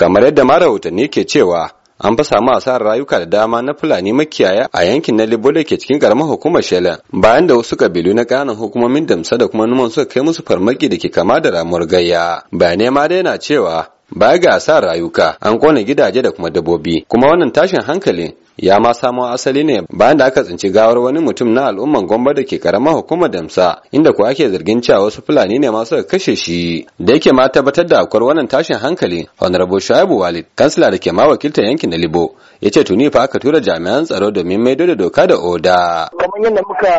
kamar yadda ma rahotanni ke cewa an fa samu asarar rayuka da dama na fulani makiyaya a yankin na libole ke cikin karamar hukumar shela bayan da wasu kabilu na kananan hukumomin damsa da kuma numan suka kai musu farmaki da ke kama da ramuwar gayya bayanai ma dai na cewa baya ga asarar rayuka an kona gidaje da kuma dabbobi kuma wannan tashin hankali ya ma samo asali ne bayan da aka tsinci gawar wani mutum na al'umman gombe da ke karamar hukumar damsa inda kuwa ake zargin cewa wasu fulani ne masu kashe shi da yake ma tabbatar da akwai wannan tashin hankali honorable shaibu walid kansila da ke ma wakiltar yankin na libo ya ce tuni fa aka tura jami'an tsaro domin maido da doka da oda kamar yadda muka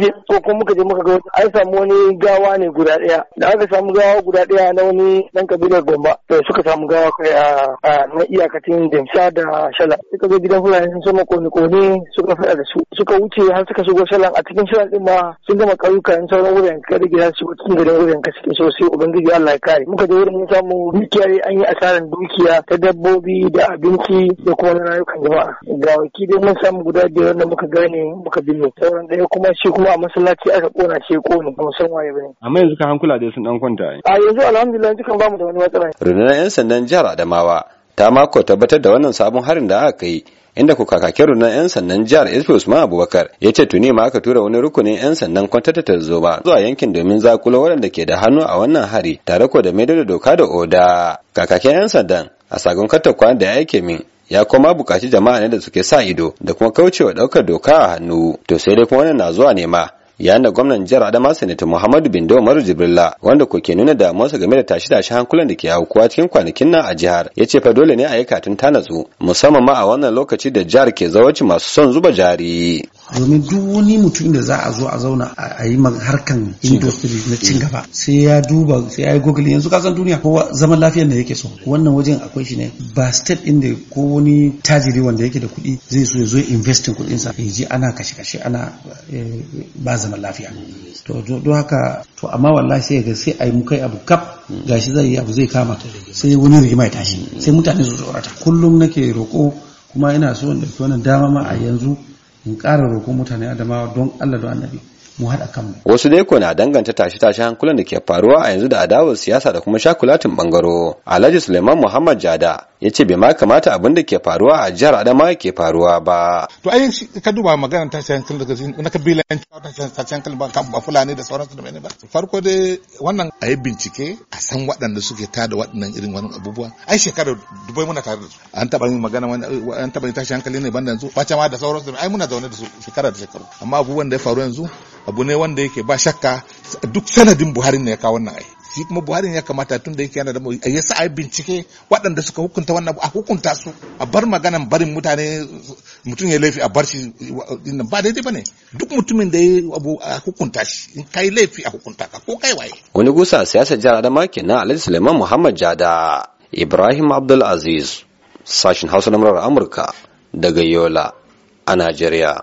je ko kuma muka je muka ga an samu wani gawa ne guda da aka samu gawa guda daya na wani dan kabilar gomba to suka samu gawa kai a na iyakacin damsa da shala suka zo gidan fulani sama kone-kone suka fada da su suka wuce har suka shigo shalan a cikin shalan din ma sun gama ƙauyuka in sauran wurin ka da gida su cikin garin wurin ka suke sosai ubangiji Allah ya kare muka je wurin mun samu dukiya an yi asaran dukiya ta dabbobi da abinci da kuma na rayukan jama'a ga waki wakili mun samu guda biyar wanda muka gane muka binne sauran ɗaya kuma shi kuma a masallaci aka kona ce kone kuma san waye bane amma yanzu ka hankula da sun dan kwanta a yanzu alhamdulillah dukan bamu da wani matsala rundunar yan sandan jihar Adamawa ta mako tabbatar da wannan sabon harin da aka kai inda ku kakake rundunar 'yan sannan jihar SP Usman Abubakar ya ce tuni ma aka tura wani rukunin 'yan sannan kwantata ta ba zuwa yankin domin zakulo waɗanda ke da hannu a wannan hari tare ko da maido da doka da oda kakakin 'yan sandan a sagon katakwa da yake min ya kuma buƙaci jama'a ne da suke sa ido da kuma kaucewa ɗaukar doka a hannu to sai dai kuma wannan na zuwa ne ma yayin da gwamnan jihar adama sanata muhammadu Bindo umaru jibrilla wanda ko ke nuna damuwarsa game da tashi tashi hankulan da ke aukuwa cikin kwanakin nan a jihar ya ce fa dole ne a yi katin tanatsu, natsu musamman ma a wannan lokaci da jihar ke zawarci masu son zuba jari domin duk wani mutum da za a zo a zauna a yi harkan industry na eh. cin gaba sai ya duba sai ya yi google yanzu kasan duniya kowa zaman lafiyar da yake so wannan wajen akwai shi ne ba step in da ko wani tajiri wanda yake da kuɗi zai so ya zo investin kuɗin sa ya ji ana kashe kashe ana eh, ba zaman lafiya to don haka to amma wallahi sai ga sai a yi mukai abu kaf gashi zai yi abu zai kama sai wani rigima ya tashi sai mutane su tsorata kullum nake roƙo kuma ina so da wannan dama ma a yanzu in ƙara roƙon mutane adamawa don Allah don annabi mu haɗa kanmu. Wasu dai na danganta tashe tashi hankulan da ke faruwa a yanzu da adawar siyasa da kuma shakulatin bangaro. Alhaji Suleiman Muhammad Jada ya ce bai ma kamata abin da ke faruwa a jihar Adama ke faruwa ba. To ai ka duba maganar tashi hankalin daga na kabilanci tashi hankulan ba kan ba Fulani da sauransu da mene ba. Farko dai wannan a yi bincike a san waɗanda suke tada waɗannan irin wani abubuwa. Ai shekarar dubai muna tare da su. An taɓa yin magana an taɓa yin tashi hankali ne banda yanzu. Bace ma da sauransu ai muna zaune da su shekara da shekaru. Amma abubuwan da ya faru yanzu abu ne wanda yake ba shakka duk sanadin buhari ne ya kawo wannan ai shi kuma buhari ya kamata tun da yake yana da a sa ai bincike waɗanda suka hukunta wannan a hukunta su a bar maganan barin mutane mutum ya laifi a bar shi ba daidai ba duk mutumin da ya abu a hukunta shi in kai laifi a hukunta ka ko kai waye. wani gusa siyasar jihar adama kenan alhaji suleiman muhammad jada ibrahim abdulaziz sashin hausa na amurka daga yola a najeriya.